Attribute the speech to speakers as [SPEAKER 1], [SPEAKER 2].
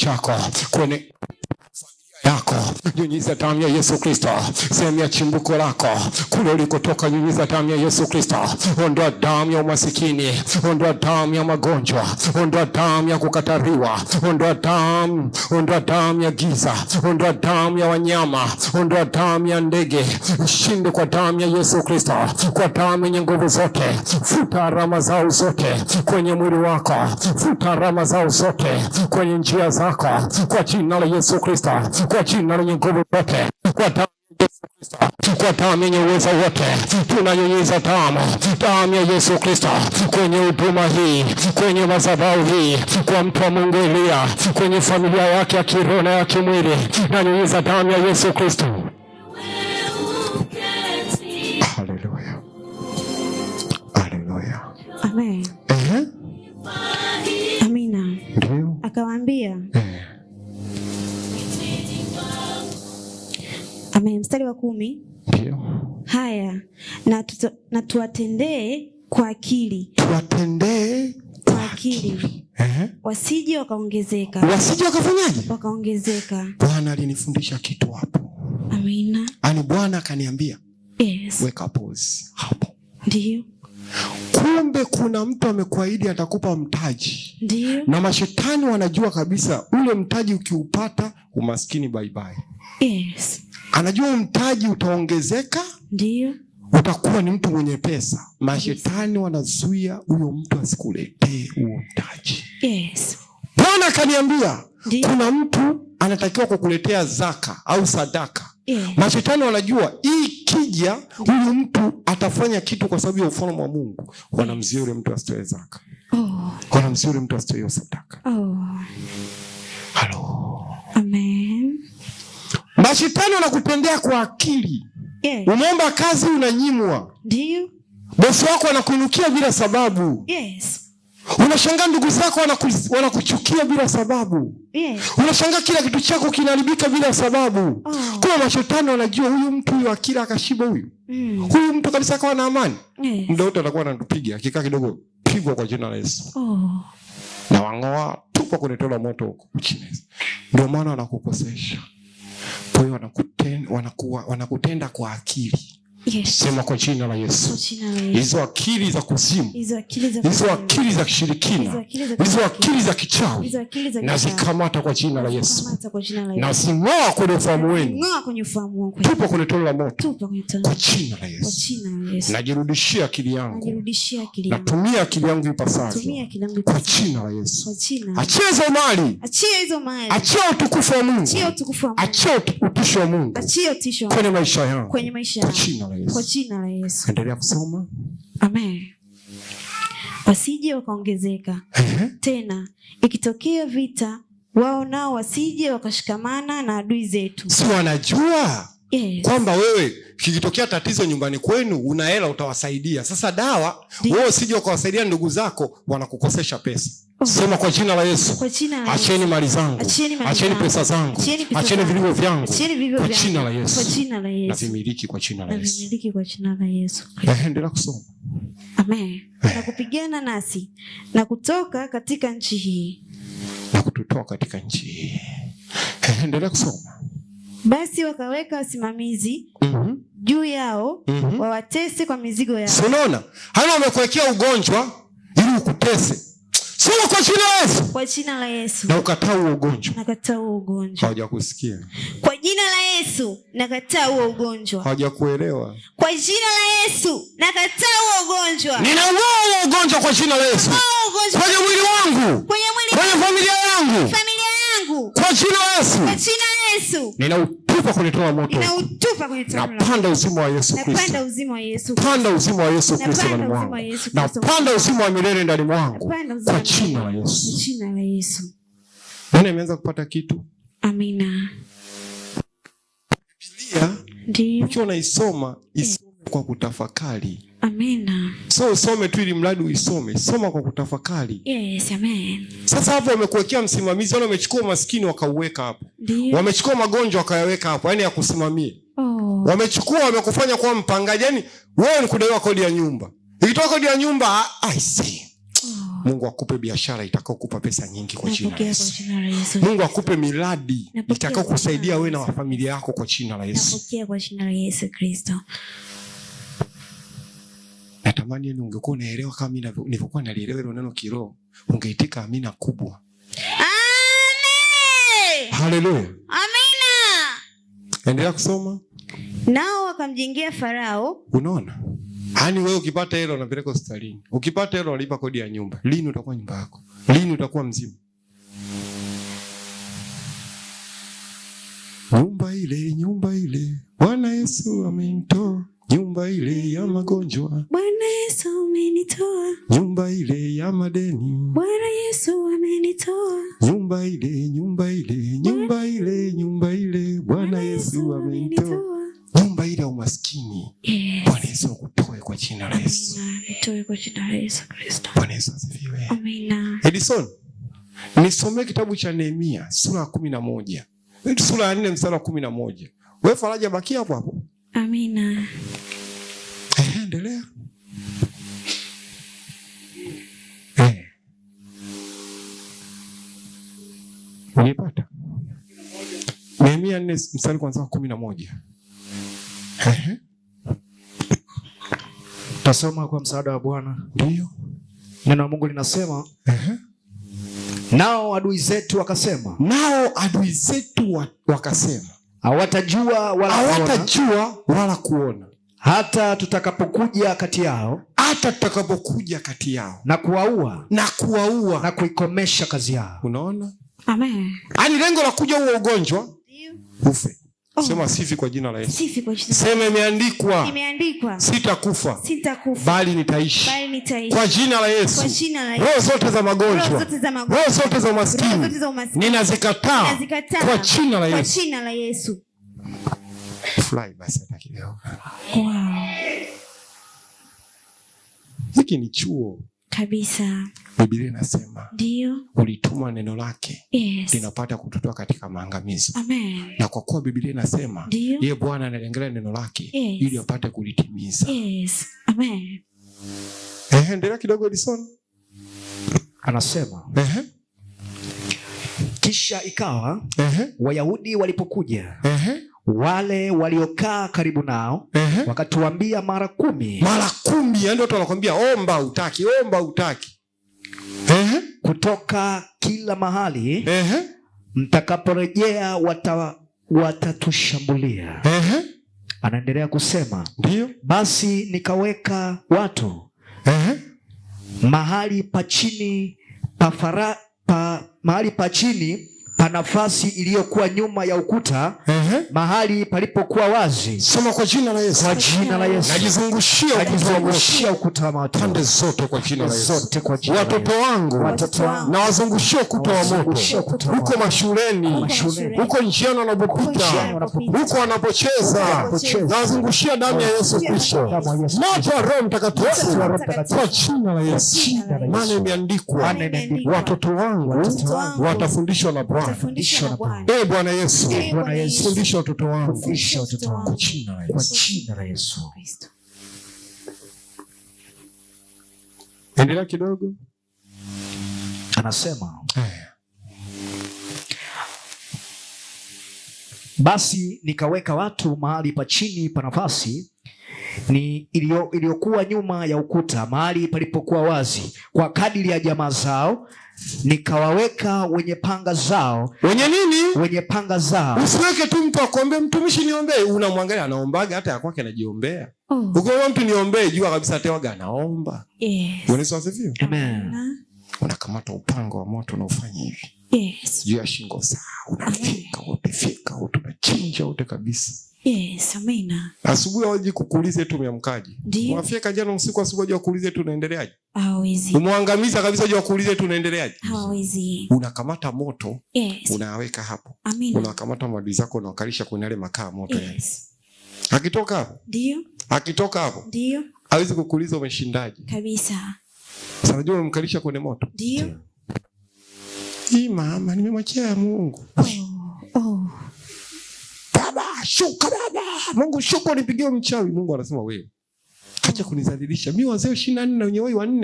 [SPEAKER 1] chako kwenye yako nyunyiza damu ya Yesu Kristo sehemu ya chimbuko lako kule ulikotoka, nyunyiza damu ya Yesu Kristo. Ondoa damu ya umasikini, ondoa damu ya magonjwa, ondoa damu ya kukatariwa, ondoa damu, ondoa damu ya giza, ondoa damu ya wanyama, ondoa damu ya ndege. Ushinde kwa damu ya Yesu Kristo, kwa damu yenye nguvu zote. Futa alama zao zote kwenye mwili wako, futa alama zao zote kwenye njia zako, kwa jina la Yesu Kristo chukua jina lenye nguvu zote, chukua damu ya Yesu Kristo, chukua damu yenye uwezo wote, tunanyunyiza damu, damu ya Yesu Kristo kwenye huduma hii, kwenye madhabahu hii, kwa mtu wa Mungu Eliya, kwenye familia yake ya kiroho na ya kimwili, nanyunyiza damu ya Yesu Kristo.
[SPEAKER 2] Haleluya,
[SPEAKER 3] amen. Amina. Ndio akawaambia eh. Amen. Mstari wa kumi. Ndio. Haya, na, tuto, na tuwatendee kwa akili,
[SPEAKER 2] tuwatendee
[SPEAKER 3] kwa akili eh, wasije wakaongezeka,
[SPEAKER 2] wasije wakafanyaje?
[SPEAKER 3] Wakaongezeka.
[SPEAKER 2] Bwana alinifundisha kitu hapo. Amina. Ani Bwana akaniambia yes, weka pause hapo. Ndio. Kumbe kuna mtu amekuahidi atakupa mtaji. Ndio. Na mashetani wanajua kabisa ule mtaji ukiupata umaskini bye bye. Yes anajua mtaji utaongezeka, ndio utakuwa ni mtu mwenye pesa. Mashetani wanazuia huyo mtu asikuletee huo mtaji. Yes. Bwana akaniambia kuna mtu anatakiwa kukuletea zaka au sadaka. Yeah. Mashetani wanajua kija huyu mtu atafanya kitu kwa sababu ya ufalme wa Mungu, wanamzuia yule mtu asitoe zaka. Oh. Wanamzuia mtu asitoe sadaka. Oh. Hello. Mashetani wanakutendea kwa akili yeah. Unaomba kazi unanyimwa, ndio bosi wako anakuinukia bila sababu yes. Unashangaa ndugu zako wanakuchukia bila sababu yes. Unashangaa kila kitu chako kinaharibika bila sababu oh. Kuwa mashetani wanajua huyu mtu huyu akila akashiba huyu mm. Huyu mtu kabisa akawa na amani yes. Muda wote atakuwa anatupiga akikaa kidogo, pigwa kwa jina la Yesu oh. Na wang'oa, tupa kwenye moto huko chini. Ndio maana wanakukosesha kwa hiyo wanakutenda, wanakuwa, wanakutenda kwa akili. Yes. Sema kwa jina la Yesu, hizo akili za kuzimu, hizo akili za kishirikina, hizo akili za kichawi nazikamata kwa jina la Yesu, nazing'oa kwenye ufahamu wenu, tupo kwenye tolo la moto kwa jina la Yesu. Najirudishia akili yangu, natumia akili yangu ipasavyo kwa jina la Yesu. Achia hizo mali, achia utukufu wa Mungu, achia utisho wa Mungu kwenye maisha yangu kwa jina la Yesu la Yesu.
[SPEAKER 3] Kwa jina la Yesu.
[SPEAKER 2] Endelea kusoma.
[SPEAKER 3] Amen. Wasije wakaongezeka tena, ikitokea vita, wao nao wasije wakashikamana na adui zetu.
[SPEAKER 2] Si wanajua yes. kwamba wewe kikitokea tatizo nyumbani kwenu una hela utawasaidia. Sasa dawa wewe usije ukawasaidia ndugu zako, wanakukosesha pesa. Oh. Sema kwa jina la Yesu, acheni mali zangu, acheni pesa zangu, acheni vilivyo vyangu kwa jina la Yesu, na vimiliki kwa
[SPEAKER 3] jina la Yesu.
[SPEAKER 2] Eh, endelea kusoma.
[SPEAKER 3] Amen. Eh. Na kupigana nasi na kutoka katika nchi hii,
[SPEAKER 2] na kututoa katika nchi hii. Eh, endelea kusoma.
[SPEAKER 3] Basi wakaweka wasimamizi mm -hmm. juu yao mm -hmm. wawatese kwa mizigo yao.
[SPEAKER 2] Unaona, hana wamekuwekea ugonjwa ili ukutese Sema kwa jina la Yesu.
[SPEAKER 3] Kwa jina la Yesu.
[SPEAKER 2] Na ukataa huo ugonjwa.
[SPEAKER 3] Nakataa huo ugonjwa.
[SPEAKER 2] Hawajakusikia.
[SPEAKER 3] Kwa jina la Yesu, nakataa huo ugonjwa.
[SPEAKER 2] Hawajakuelewa.
[SPEAKER 3] Kwa jina la Yesu, nakataa huo ugonjwa.
[SPEAKER 2] huo ugonjwa kwa jina la Yesu. Kwenye mwili wangu.
[SPEAKER 3] Kwenye
[SPEAKER 2] familia yangu.
[SPEAKER 3] Familia yangu.
[SPEAKER 2] Kwa jina la Yesu.
[SPEAKER 3] Kwa jina la Yesu inautupa kwenye tano
[SPEAKER 2] la moto, napanda uzima wa Yesu Kristo, Napanda uzima wa Yesu
[SPEAKER 3] Kristo ndani mwangu,
[SPEAKER 2] na panda uzima wa milele ndani mwangu kwa jina
[SPEAKER 3] la Yesu.
[SPEAKER 2] Nani ameanza kupata kitu?
[SPEAKER 3] Amina. Biblia ndio.
[SPEAKER 2] ukiwa unaisoma isome kwa kutafakari Amina. So usome tu ili mradi uisome, soma kwa kutafakari.
[SPEAKER 3] Yes, amen.
[SPEAKER 2] Sasa hapo wamekuwekea msimamizi, wale yaani wamechukua umaskini wakauweka hapo, wamechukua magonjwa wakayaweka hapo, yaani yakusimamie. Oh. Wamechukua wamekufanya kuwa mpangaji, yani wewe ni kudaiwa kodi ya nyumba, ikitoka kodi ya nyumba ah, I see. Oh. Mungu akupe biashara itakayokupa pesa nyingi kwa jina la Yesu. Mungu akupe miradi itakayokusaidia wewe na familia yako kwa jina la Yesu.
[SPEAKER 3] kwa jina la Yesu Kristo.
[SPEAKER 2] Natamani yani ungekuwa unaelewa kama mimi nilivyokuwa nalielewa ile neno kiroho, ungeitika amina kubwa.
[SPEAKER 3] Amen. Haleluya. Amina.
[SPEAKER 2] Endelea kusoma.
[SPEAKER 3] Nao wakamjengea Farao.
[SPEAKER 2] Unaona? Yaani wewe ukipata hilo unapeleka hospitalini. Ukipata hilo unalipa kodi ya nyumba. Lini utakuwa nyumba yako? Lini utakuwa mzima? Nyumba ile, nyumba ile. Bwana Yesu amenitoa nyumba ile ya magonjwa,
[SPEAKER 3] Bwana Yesu amenitoa.
[SPEAKER 2] Nyumba ile ya madeni,
[SPEAKER 3] Bwana Yesu amenitoa.
[SPEAKER 2] Nyumba ile, nyumba ile, nyumba ile, nyumba ile, Bwana Yesu amenitoa. Nyumba ile ya umaskini, Bwana Yesu akutoe kwa jina la Yesu.
[SPEAKER 3] Nitoe kwa jina la Yesu Kristo.
[SPEAKER 2] Bwana Yesu asifiwe.
[SPEAKER 3] Amina.
[SPEAKER 2] Edison, nisomee kitabu cha Nehemia sura ya kumi na moja sura ya nne mstari wa kumi na moja. We Faraja, baki hapo hapo.
[SPEAKER 3] Amina
[SPEAKER 2] kuendelea eh. Nehemia nne mstari kwanza kumi na moja Tasoma kwa msaada wa Bwana, ndio neno la Mungu linasema Nao adui zetu wakasema,
[SPEAKER 3] nao adui zetu wakasema
[SPEAKER 2] hawatajua wala,
[SPEAKER 3] hawatajua wala kuona
[SPEAKER 2] hata tutakapokuja kati yao
[SPEAKER 3] hata tutakapokuja kati yao
[SPEAKER 2] na kuwaua
[SPEAKER 3] na kuwaua
[SPEAKER 2] na kuikomesha kazi yao.
[SPEAKER 3] Unaona, amen.
[SPEAKER 2] Yaani lengo la kuja huo ugonjwa ufe. Oh. Sema sifi kwa jina la Yesu.
[SPEAKER 3] Sifi kwa jina.
[SPEAKER 2] Sema imeandikwa.
[SPEAKER 3] Imeandikwa.
[SPEAKER 2] Sitakufa.
[SPEAKER 3] Sitakufa.
[SPEAKER 2] Bali nitaishi.
[SPEAKER 3] Bali nitaishi.
[SPEAKER 2] Kwa jina la Yesu. Kwa jina la Yesu. Roho zote za magonjwa.
[SPEAKER 3] Roho zote za magonjwa.
[SPEAKER 2] Roho zote za umaskini. Ninazikataa.
[SPEAKER 3] Ninazikataa.
[SPEAKER 2] Kwa jina la Yesu.
[SPEAKER 3] Kwa jina la Yesu.
[SPEAKER 2] Furahi basi hata kidogo. Wow. Hiki ni chuo
[SPEAKER 3] kabisa.
[SPEAKER 2] Biblia inasema ndio ulitumwa neno lake yes, linapata kututoa katika maangamizo. Amen. Na kwa kuwa Biblia inasema yeye Bwana analengelea neno lake yes, ili apate kulitimiza.
[SPEAKER 3] Yes. Amen.
[SPEAKER 2] Eh, endelea kidogo Edison. Anasema eh, kisha ikawa eh, Wayahudi walipokuja eh wale waliokaa karibu nao uh-huh. wakatuambia mara kumi
[SPEAKER 3] mara kumi, yani watu wanakwambia omba utaki, omba utaki
[SPEAKER 2] uh-huh. kutoka kila mahali uh-huh. mtakaporejea wata, watatushambulia uh-huh. anaendelea kusema ndio basi nikaweka watu uh-huh. mahali pa chini pa fara, pa mahali pa chini nafasi iliyokuwa nyuma ya ukuta uh -huh. mahali palipokuwa wazi.
[SPEAKER 3] Sema kwa jina la Yesu,
[SPEAKER 2] kwa jina la Yesu, najizungushia ukuta wa moto pande zote, kwa jina la Yesu,
[SPEAKER 3] watoto wangu
[SPEAKER 2] nawazungushia ukuta wa moto, huko mashuleni, huko njiani wanapopita, huko wanapocheza, nawazungushia damu ya Yesu Kristo, moto wa Roho Mtakatifu, kwa jina la Yesu, maana imeandikwa, watoto wangu watafundishwa na Bwana
[SPEAKER 3] Fundisha na Bwana.
[SPEAKER 2] Bwana Yesu, Bwana Yesu, ee fundisha watoto wangu,
[SPEAKER 3] fundisha watoto wangu kwa jina la Yesu.
[SPEAKER 2] Endelea kidogo. Anasema basi nikaweka watu mahali pa chini pa nafasi ni iliyokuwa nyuma ya ukuta, mahali palipokuwa wazi, kwa kadiri ya jamaa zao nikawaweka wenye panga zao.
[SPEAKER 3] Wenye nini?
[SPEAKER 2] Wenye panga zao. Usiweke tu mtu akuombee, mtumishi niombee, unamwangalia anaombaga, hata yakwake anajiombea. Oh. Ukiona mtu niombee, jua kabisa tewaga anaomba.
[SPEAKER 3] Yes. Amen.
[SPEAKER 2] Unakamata upanga wa moto unaofanya hivi. Yes. Juu ya shingo zao unafika wote, fika wote, kabisa.
[SPEAKER 3] Yes, amina.
[SPEAKER 2] Asubuhi awaji kukuulize tu umeamkaje? Mwafyeka jana usiku asubuhi waje kukuulize tu unaendeleaje?
[SPEAKER 3] Hawezi.
[SPEAKER 2] Umwangamiza kabisa waje kukuulize tu unaendeleaje?
[SPEAKER 3] Hawezi.
[SPEAKER 2] Unakamata moto, yes. Unaweka hapo. Amina. Unakamata maadui zako na unawakalisha kwenye yale makaa moto yes. Yale. Akitoka hapo? Ndio. Akitoka hapo? Ndio. Hawezi kukuuliza umeshindaje?
[SPEAKER 3] Kabisa.
[SPEAKER 2] Sasa unajua umemkalisha kwenye moto? Ndio. Hii mama nimemwachia Mungu.
[SPEAKER 3] Oh. Oh
[SPEAKER 2] shuka baba, Mungu shuka, unipigie mchawi. Mungu anasema wewe acha kunizalilisha, mi wazee ishirini na nne na wenye wai wanne